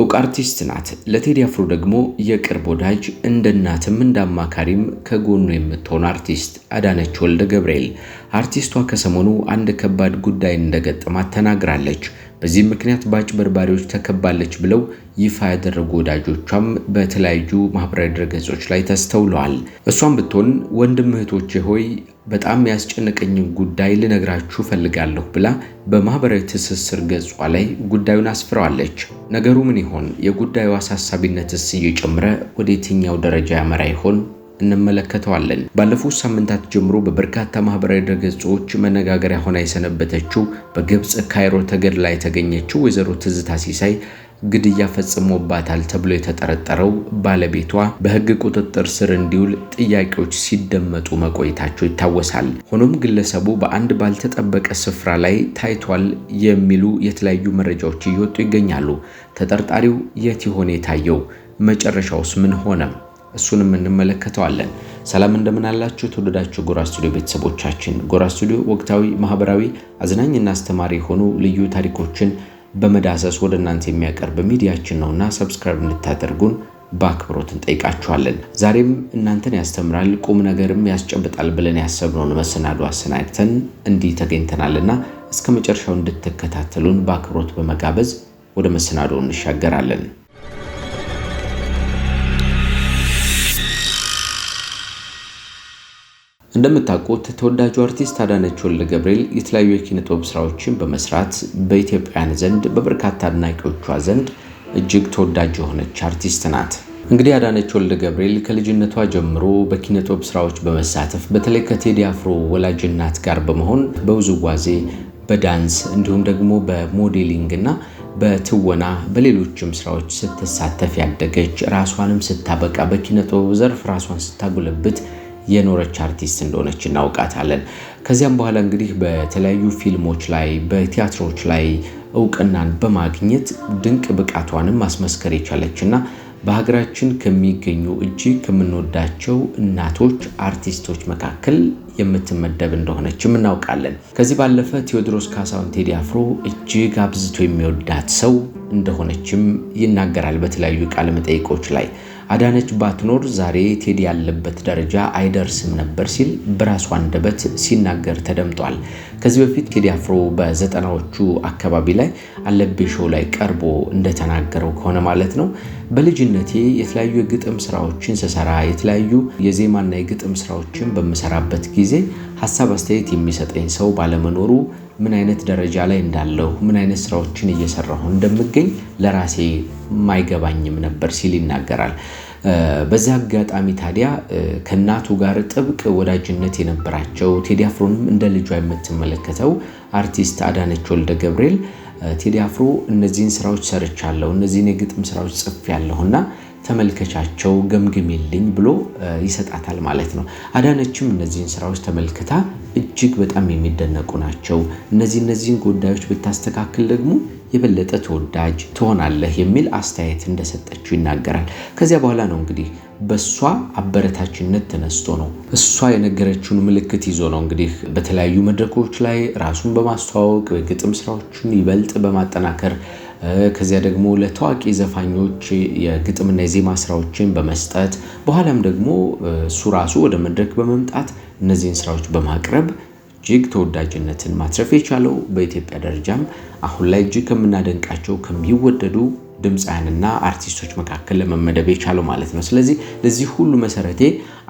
እውቅ አርቲስት ናት። ለቴዲ አፍሮ ደግሞ የቅርብ ወዳጅ እንደ እናትም እንደ አማካሪም ከጎኑ የምትሆን አርቲስት አዳነች ወልደ ገብርኤል አርቲስቷ ከሰሞኑ አንድ ከባድ ጉዳይ እንደገጠማት ተናግራለች። በዚህም ምክንያት በአጭበርባሪዎች ተከባለች ብለው ይፋ ያደረጉ ወዳጆቿም በተለያዩ ማህበራዊ ድረገጾች ላይ ተስተውለዋል። እሷም ብትሆን ወንድም እህቶቼ ሆይ በጣም ያስጨነቀኝን ጉዳይ ልነግራችሁ ፈልጋለሁ ብላ በማህበራዊ ትስስር ገጿ ላይ ጉዳዩን አስፍረዋለች። ነገሩ ምን ይሆን? የጉዳዩ አሳሳቢነትስ እየጨመረ ወደ የትኛው ደረጃ ያመራ ይሆን? እንመለከተዋለን። ባለፉት ሳምንታት ጀምሮ በበርካታ ማህበራዊ ድረገጾች መነጋገሪያ ሆና የሰነበተችው በግብፅ ካይሮ ተገድላ የተገኘችው ወይዘሮ ትዝታ ሲሳይ ግድያ ፈጽሞባታል ተብሎ የተጠረጠረው ባለቤቷ በሕግ ቁጥጥር ስር እንዲውል ጥያቄዎች ሲደመጡ መቆየታቸው ይታወሳል። ሆኖም ግለሰቡ በአንድ ባልተጠበቀ ስፍራ ላይ ታይቷል የሚሉ የተለያዩ መረጃዎች እየወጡ ይገኛሉ። ተጠርጣሪው የት ይሆን የታየው? መጨረሻውስ ምን ሆነ? እሱንም እንመለከተዋለን። ሰላም እንደምን አላችሁ የተወደዳችሁ ጎራ ስቱዲዮ ቤተሰቦቻችን። ጎራ ስቱዲዮ ወቅታዊ፣ ማህበራዊ፣ አዝናኝና አስተማሪ የሆኑ ልዩ ታሪኮችን በመዳሰስ ወደ እናንተ የሚያቀርብ ሚዲያችን ነውና ሰብስክራይብ እንድታደርጉን በአክብሮት እንጠይቃችኋለን። ዛሬም እናንተን ያስተምራል ቁም ነገርም ያስጨብጣል ብለን ያሰብነውን መሰናዶ አሰናድተን እንዲህ ተገኝተናልና እስከ መጨረሻው እንድትከታተሉን በአክብሮት በመጋበዝ ወደ መሰናዶ እንሻገራለን። እንደምታውቁት ተወዳጁ አርቲስት አዳነች ወልደ ገብርኤል የተለያዩ የኪነ ጥበብ ስራዎችን በመስራት በኢትዮጵያውያን ዘንድ በበርካታ አድናቂዎቿ ዘንድ እጅግ ተወዳጅ የሆነች አርቲስት ናት። እንግዲህ አዳነች ወልደ ገብርኤል ከልጅነቷ ጀምሮ በኪነ ጥበብ ስራዎች በመሳተፍ በተለይ ከቴዲ አፍሮ ወላጅ እናት ጋር በመሆን በውዝዋዜ፣ በዳንስ እንዲሁም ደግሞ በሞዴሊንግ እና በትወና በሌሎችም ስራዎች ስትሳተፍ ያደገች ራሷንም ስታበቃ በኪነ ጥበብ ዘርፍ ራሷን ስታጎለብት የኖረች አርቲስት እንደሆነች እናውቃታለን። ከዚያም በኋላ እንግዲህ በተለያዩ ፊልሞች ላይ በቲያትሮች ላይ እውቅናን በማግኘት ድንቅ ብቃቷንም ማስመስከር የቻለች እና በሀገራችን ከሚገኙ እጅግ ከምንወዳቸው እናቶች አርቲስቶች መካከል የምትመደብ እንደሆነችም እናውቃለን። ከዚህ ባለፈ ቴዎድሮስ ካሳሁን ቴዲ አፍሮ እጅግ አብዝቶ የሚወዳት ሰው እንደሆነችም ይናገራል በተለያዩ ቃለ መጠይቆች ላይ። አዳነች ባትኖር ዛሬ ቴዲ ያለበት ደረጃ አይደርስም ነበር ሲል በራሷ አንደበት ሲናገር ተደምጧል። ከዚህ በፊት ቴዲ አፍሮ በዘጠናዎቹ አካባቢ ላይ አለቤ ሾው ላይ ቀርቦ እንደተናገረው ከሆነ ማለት ነው በልጅነቴ የተለያዩ የግጥም ስራዎችን ስሰራ የተለያዩ የዜማና የግጥም ስራዎችን በምሰራበት ጊዜ ሀሳብ አስተያየት የሚሰጠኝ ሰው ባለመኖሩ ምን አይነት ደረጃ ላይ እንዳለሁ ምን አይነት ስራዎችን እየሰራሁ እንደምገኝ ለራሴ ማይገባኝም ነበር ሲል ይናገራል። በዚያ አጋጣሚ ታዲያ ከእናቱ ጋር ጥብቅ ወዳጅነት የነበራቸው ቴዲ አፍሮንም እንደ ልጇ የምትመለከተው አርቲስት አዳነች ወልደ ገብርኤል ቴዲ አፍሮ እነዚህን ስራዎች ሰርቻለሁ፣ እነዚህን የግጥም ስራዎች ጽፌያለሁና ተመልከቻቸው ገምግሜልኝ ብሎ ይሰጣታል ማለት ነው። አዳነችም እነዚህን ስራዎች ተመልክታ እጅግ በጣም የሚደነቁ ናቸው፣ እነዚህ እነዚህን ጉዳዮች ብታስተካክል ደግሞ የበለጠ ተወዳጅ ትሆናለህ የሚል አስተያየት እንደሰጠችው ይናገራል። ከዚያ በኋላ ነው እንግዲህ በእሷ አበረታችነት ተነስቶ ነው እሷ የነገረችውን ምልክት ይዞ ነው እንግዲህ በተለያዩ መድረኮች ላይ ራሱን በማስተዋወቅ የግጥም ስራዎችን ይበልጥ በማጠናከር ከዚያ ደግሞ ለታዋቂ ዘፋኞች የግጥምና የዜማ ስራዎችን በመስጠት በኋላም ደግሞ እሱ ራሱ ወደ መድረክ በመምጣት እነዚህን ስራዎች በማቅረብ እጅግ ተወዳጅነትን ማትረፍ የቻለው በኢትዮጵያ ደረጃም አሁን ላይ እጅግ ከምናደንቃቸው ከሚወደዱ ድምፃያንና አርቲስቶች መካከል ለመመደብ የቻለው ማለት ነው። ስለዚህ ለዚህ ሁሉ መሰረቴ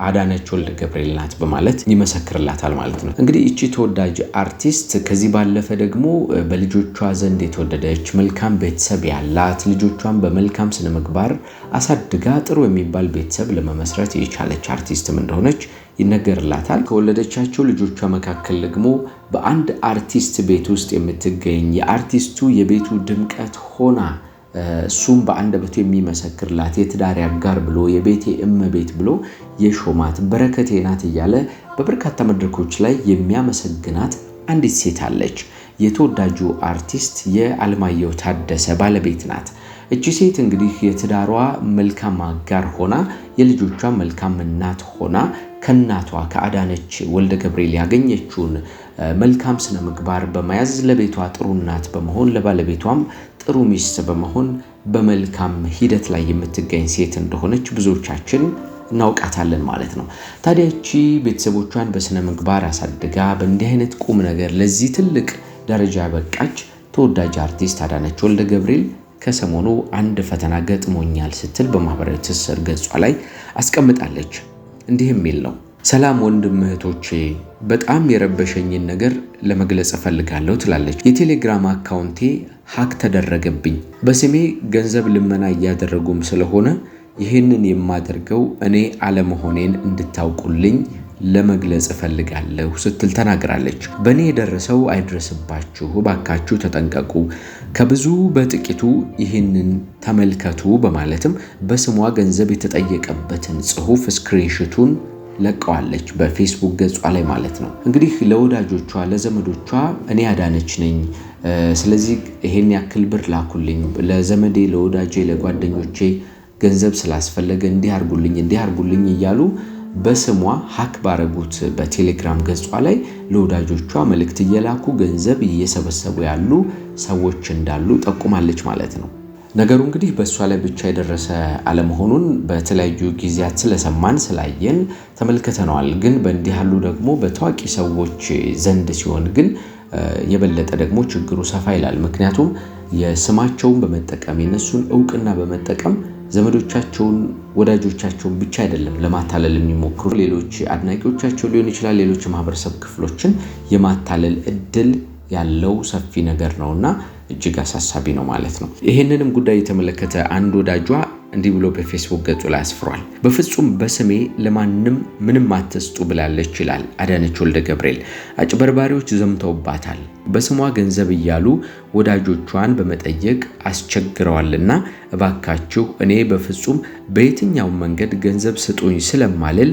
አዳነች ወልደ ገብርኤል ናት በማለት ይመሰክርላታል ማለት ነው። እንግዲህ እቺ ተወዳጅ አርቲስት ከዚህ ባለፈ ደግሞ በልጆቿ ዘንድ የተወደደች መልካም ቤተሰብ ያላት ልጆቿን በመልካም ስነ ምግባር አሳድጋ ጥሩ የሚባል ቤተሰብ ለመመስረት የቻለች አርቲስትም እንደሆነች ይነገርላታል። ከወለደቻቸው ልጆቿ መካከል ደግሞ በአንድ አርቲስት ቤት ውስጥ የምትገኝ የአርቲስቱ የቤቱ ድምቀት ሆና እሱም በአንደበቱ የሚመሰክርላት የትዳሬ አጋር ብሎ የቤቴ እመቤት ብሎ የሾማት በረከቴ ናት እያለ በበርካታ መድረኮች ላይ የሚያመሰግናት አንዲት ሴት አለች። የተወዳጁ አርቲስት የአለማየሁ ታደሰ ባለቤት ናት። እቺ ሴት እንግዲህ የትዳሯ መልካም አጋር ሆና የልጆቿ መልካም እናት ሆና ከእናቷ ከአዳነች ወልደ ገብርኤል ያገኘችውን መልካም ስነ ምግባር በመያዝ ለቤቷ ጥሩ እናት በመሆን ለባለቤቷም ጥሩ ሚስት በመሆን በመልካም ሂደት ላይ የምትገኝ ሴት እንደሆነች ብዙዎቻችን እናውቃታለን ማለት ነው። ታዲያ ቤተሰቦቿን በስነ ምግባር አሳድጋ በእንዲህ አይነት ቁም ነገር ለዚህ ትልቅ ደረጃ በቃች ተወዳጅ አርቲስት አዳነች ወልደ ገብርኤል ከሰሞኑ አንድ ፈተና ገጥሞኛል ስትል በማህበራዊ ትስስር ገጿ ላይ አስቀምጣለች። እንዲህ የሚል ነው። ሰላም ወንድም እህቶቼ፣ በጣም የረበሸኝን ነገር ለመግለጽ እፈልጋለሁ ትላለች። የቴሌግራም አካውንቴ ሀክ ተደረገብኝ። በስሜ ገንዘብ ልመና እያደረጉም ስለሆነ ይህንን የማደርገው እኔ አለመሆኔን እንድታውቁልኝ ለመግለጽ እፈልጋለሁ ስትል ተናግራለች። በእኔ የደረሰው አይድረስባችሁ፣ ባካችሁ ተጠንቀቁ፣ ከብዙ በጥቂቱ ይህንን ተመልከቱ በማለትም በስሟ ገንዘብ የተጠየቀበትን ጽሑፍ ስክሪንሽቱን ለቀዋለች በፌስቡክ ገጿ ላይ ማለት ነው። እንግዲህ ለወዳጆቿ ለዘመዶቿ እኔ አዳነች ነኝ፣ ስለዚህ ይሄን ያክል ብር ላኩልኝ፣ ለዘመዴ ለወዳጄ ለጓደኞቼ ገንዘብ ስላስፈለገ እንዲህ አርጉልኝ እንዲህ አርጉልኝ እያሉ በስሟ ሀክ ባረጉት በቴሌግራም ገጿ ላይ ለወዳጆቿ መልእክት እየላኩ ገንዘብ እየሰበሰቡ ያሉ ሰዎች እንዳሉ ጠቁማለች ማለት ነው። ነገሩ እንግዲህ በእሷ ላይ ብቻ የደረሰ አለመሆኑን በተለያዩ ጊዜያት ስለሰማን ስላየን ተመልክተነዋል። ግን በእንዲህ ያሉ ደግሞ በታዋቂ ሰዎች ዘንድ ሲሆን ግን የበለጠ ደግሞ ችግሩ ሰፋ ይላል። ምክንያቱም የስማቸውን በመጠቀም የነሱን እውቅና በመጠቀም ዘመዶቻቸውን፣ ወዳጆቻቸውን ብቻ አይደለም ለማታለል የሚሞክሩ ሌሎች አድናቂዎቻቸው ሊሆን ይችላል፣ ሌሎች የማህበረሰብ ክፍሎችን የማታለል እድል ያለው ሰፊ ነገር ነውና እጅግ አሳሳቢ ነው ማለት ነው። ይህንንም ጉዳይ የተመለከተ አንድ ወዳጇ እንዲህ ብሎ በፌስቡክ ገጹ ላይ አስፍሯል። በፍጹም በስሜ ለማንም ምንም አትስጡ ብላለች ይላል አዳነች ወልደ ገብርኤል። አጭበርባሪዎች ዘምተውባታል። በስሟ ገንዘብ እያሉ ወዳጆቿን በመጠየቅ አስቸግረዋልና እባካችሁ እኔ በፍጹም በየትኛው መንገድ ገንዘብ ስጡኝ ስለማልል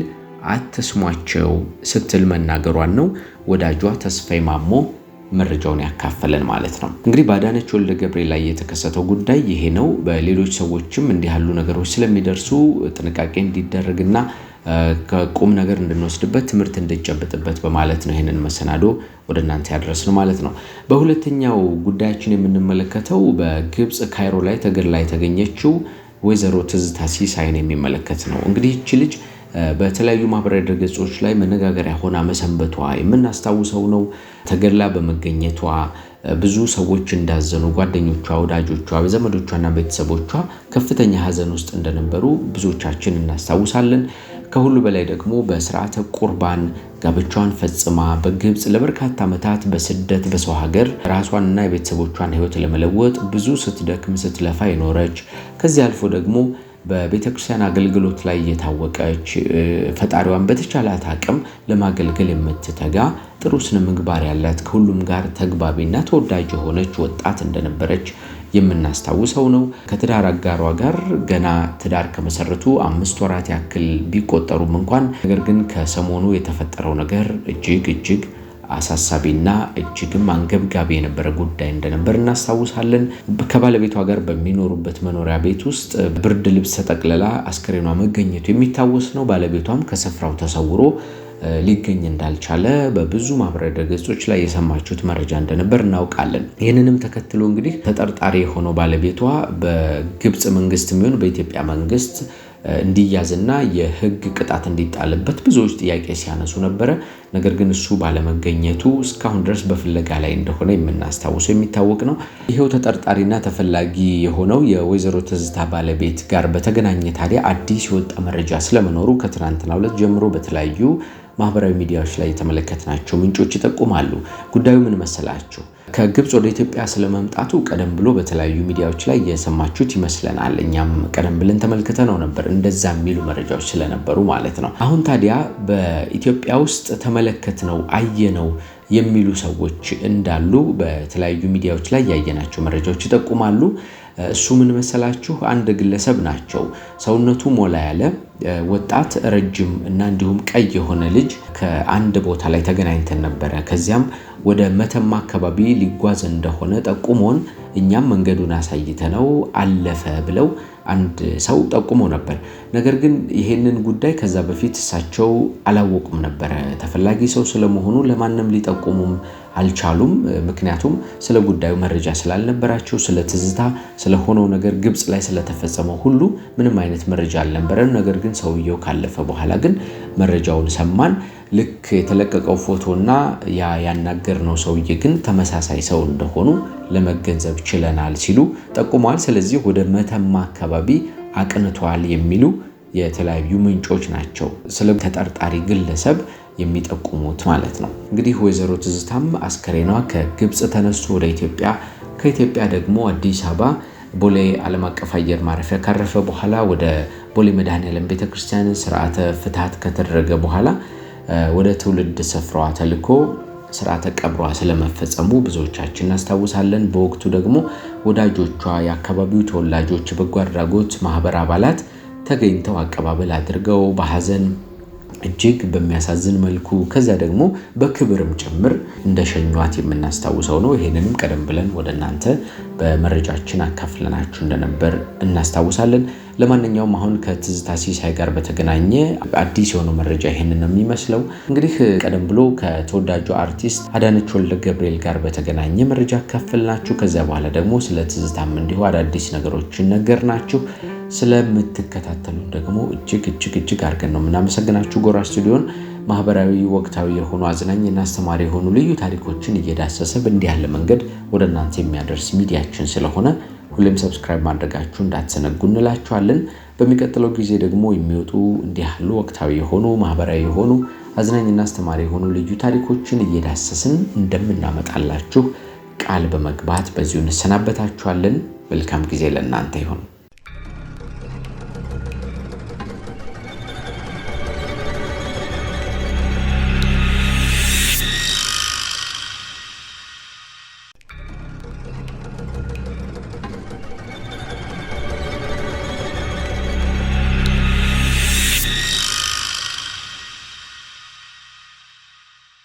አትስሟቸው ስትል መናገሯን ነው ወዳጇ ተስፋይ ማሞ መረጃውን ያካፈለን ማለት ነው። እንግዲህ በአዳነች ወልደ ገብርኤል ላይ የተከሰተው ጉዳይ ይሄ ነው። በሌሎች ሰዎችም እንዲህ ያሉ ነገሮች ስለሚደርሱ ጥንቃቄ እንዲደረግና ከቁም ነገር እንድንወስድበት ትምህርት እንድንጨብጥበት በማለት ነው ይህንን መሰናዶ ወደ እናንተ ያደረስን ማለት ነው። በሁለተኛው ጉዳያችን የምንመለከተው በግብፅ ካይሮ ላይ ተገድላ የተገኘችው ወይዘሮ ትዝታ ሲሳይን የሚመለከት ነው። እንግዲህ ይቺ ልጅ በተለያዩ ማህበራዊ ድረገጾች ላይ መነጋገሪያ ሆና መሰንበቷ የምናስታውሰው ነው። ተገድላ በመገኘቷ ብዙ ሰዎች እንዳዘኑ ጓደኞቿ፣ ወዳጆቿ፣ ዘመዶቿና ቤተሰቦቿ ከፍተኛ ሀዘን ውስጥ እንደነበሩ ብዙዎቻችን እናስታውሳለን። ከሁሉ በላይ ደግሞ በስርዓተ ቁርባን ጋብቻዋን ፈጽማ በግብፅ ለበርካታ ዓመታት በስደት በሰው ሀገር ራሷንና የቤተሰቦቿን ሕይወት ለመለወጥ ብዙ ስትደክም ስትለፋ የኖረች ከዚህ አልፎ ደግሞ በቤተክርስቲያን አገልግሎት ላይ እየታወቀች ፈጣሪዋን በተቻላት አቅም ለማገልገል የምትተጋ ጥሩ ስነ ምግባር ያላት ከሁሉም ጋር ተግባቢና ተወዳጅ የሆነች ወጣት እንደነበረች የምናስታውሰው ነው። ከትዳር አጋሯ ጋር ገና ትዳር ከመሰረቱ አምስት ወራት ያክል ቢቆጠሩም እንኳን ነገር ግን ከሰሞኑ የተፈጠረው ነገር እጅግ እጅግ አሳሳቢና እጅግም አንገብጋቢ የነበረ ጉዳይ እንደነበር እናስታውሳለን። ከባለቤቷ ጋር በሚኖሩበት መኖሪያ ቤት ውስጥ ብርድ ልብስ ተጠቅልላ አስከሬኗ መገኘቱ የሚታወስ ነው። ባለቤቷም ከስፍራው ተሰውሮ ሊገኝ እንዳልቻለ በብዙ ማህበራዊ ገጾች ላይ የሰማችሁት መረጃ እንደነበር እናውቃለን። ይህንንም ተከትሎ እንግዲህ ተጠርጣሪ የሆነው ባለቤቷ በግብፅ መንግስት የሚሆን በኢትዮጵያ መንግስት እንዲያዝና የህግ ቅጣት እንዲጣልበት ብዙዎች ጥያቄ ሲያነሱ ነበረ። ነገር ግን እሱ ባለመገኘቱ እስካሁን ድረስ በፍለጋ ላይ እንደሆነ የምናስታውሰው የሚታወቅ ነው። ይሄው ተጠርጣሪና ተፈላጊ የሆነው የወይዘሮ ትዝታ ባለቤት ጋር በተገናኘ ታዲያ አዲስ የወጣ መረጃ ስለመኖሩ ከትናንትና ሁለት ጀምሮ በተለያዩ ማህበራዊ ሚዲያዎች ላይ የተመለከትናቸው ምንጮች ይጠቁማሉ። ጉዳዩ ምን መሰላችሁ? ከግብፅ ወደ ኢትዮጵያ ስለመምጣቱ ቀደም ብሎ በተለያዩ ሚዲያዎች ላይ የሰማችሁት ይመስለናል። እኛም ቀደም ብለን ተመልክተ ነው ነበር እንደዛ የሚሉ መረጃዎች ስለነበሩ ማለት ነው። አሁን ታዲያ በኢትዮጵያ ውስጥ ተመለከት ነው አየ ነው የሚሉ ሰዎች እንዳሉ በተለያዩ ሚዲያዎች ላይ ያየናቸው መረጃዎች ይጠቁማሉ። እሱ ምን መሰላችሁ? አንድ ግለሰብ ናቸው። ሰውነቱ ሞላ ያለ ወጣት፣ ረጅም እና እንዲሁም ቀይ የሆነ ልጅ ከአንድ ቦታ ላይ ተገናኝተን ነበረ። ከዚያም ወደ መተማ አካባቢ ሊጓዝ እንደሆነ ጠቁሞን እኛም መንገዱን አሳይተ ነው አለፈ ብለው አንድ ሰው ጠቁሞ ነበር። ነገር ግን ይሄንን ጉዳይ ከዛ በፊት እሳቸው አላወቁም ነበረ። ተፈላጊ ሰው ስለመሆኑ ለማንም ሊጠቁሙም አልቻሉም። ምክንያቱም ስለ ጉዳዩ መረጃ ስላልነበራቸው፣ ስለ ትዝታ ስለሆነው ነገር ግብፅ ላይ ስለተፈጸመው ሁሉ ምንም አይነት መረጃ አልነበረም። ነገር ግን ሰውየው ካለፈ በኋላ ግን መረጃውን ሰማን። ልክ የተለቀቀው ፎቶና ያ ያናገርነው ሰውዬ ግን ተመሳሳይ ሰው እንደሆኑ ለመገንዘብ ችለናል ሲሉ ጠቁመዋል። ስለዚህ ወደ መተማ አካባቢ አቅንቷል የሚሉ የተለያዩ ምንጮች ናቸው ስለ ተጠርጣሪ ግለሰብ የሚጠቁሙት ማለት ነው። እንግዲህ ወይዘሮ ትዝታም አስከሬኗ ከግብፅ ተነስቶ ወደ ኢትዮጵያ ከኢትዮጵያ ደግሞ አዲስ አበባ ቦሌ ዓለም አቀፍ አየር ማረፊያ ካረፈ በኋላ ወደ ቦሌ መድኃኔዓለም ቤተክርስቲያን ስርዓተ ፍትሐት ከተደረገ በኋላ ወደ ትውልድ ስፍራዋ ተልኮ ስርዓተ ቀብሯ ስለመፈጸሙ ብዙዎቻችን እናስታውሳለን። በወቅቱ ደግሞ ወዳጆቿ፣ የአካባቢው ተወላጆች፣ የበጎ አድራጎት ማህበር አባላት ተገኝተው አቀባበል አድርገው በሀዘን እጅግ በሚያሳዝን መልኩ ከዚያ ደግሞ በክብርም ጭምር እንደሸኟት የምናስታውሰው ነው። ይህንንም ቀደም ብለን ወደ እናንተ በመረጃችን አካፍለናችሁ እንደነበር እናስታውሳለን። ለማንኛውም አሁን ከትዝታ ሲሳይ ጋር በተገናኘ አዲስ የሆነው መረጃ ይህንን ነው የሚመስለው። እንግዲህ ቀደም ብሎ ከተወዳጁ አርቲስት አዳነች ወልደ ገብርኤል ጋር በተገናኘ መረጃ አካፍልናችሁ፣ ከዚያ በኋላ ደግሞ ስለ ትዝታም እንዲሁ አዳዲስ ነገሮች ነገር ናችሁ ስለምትከታተሉን ደግሞ እጅግ እጅግ እጅግ አድርገን ነው የምናመሰግናችሁ። ጎራ ስቱዲዮን ማህበራዊ፣ ወቅታዊ የሆኑ አዝናኝና አስተማሪ የሆኑ ልዩ ታሪኮችን እየዳሰሰ በእንዲህ ያለ መንገድ ወደ እናንተ የሚያደርስ ሚዲያችን ስለሆነ ሁሌም ሰብስክራይብ ማድረጋችሁ እንዳትዘነጉ እንላችኋለን። በሚቀጥለው ጊዜ ደግሞ የሚወጡ እንዲህ ያሉ ወቅታዊ የሆኑ ማህበራዊ የሆኑ አዝናኝና አስተማሪ የሆኑ ልዩ ታሪኮችን እየዳሰስን እንደምናመጣላችሁ ቃል በመግባት በዚሁ እንሰናበታችኋለን። መልካም ጊዜ ለእናንተ ይሁን።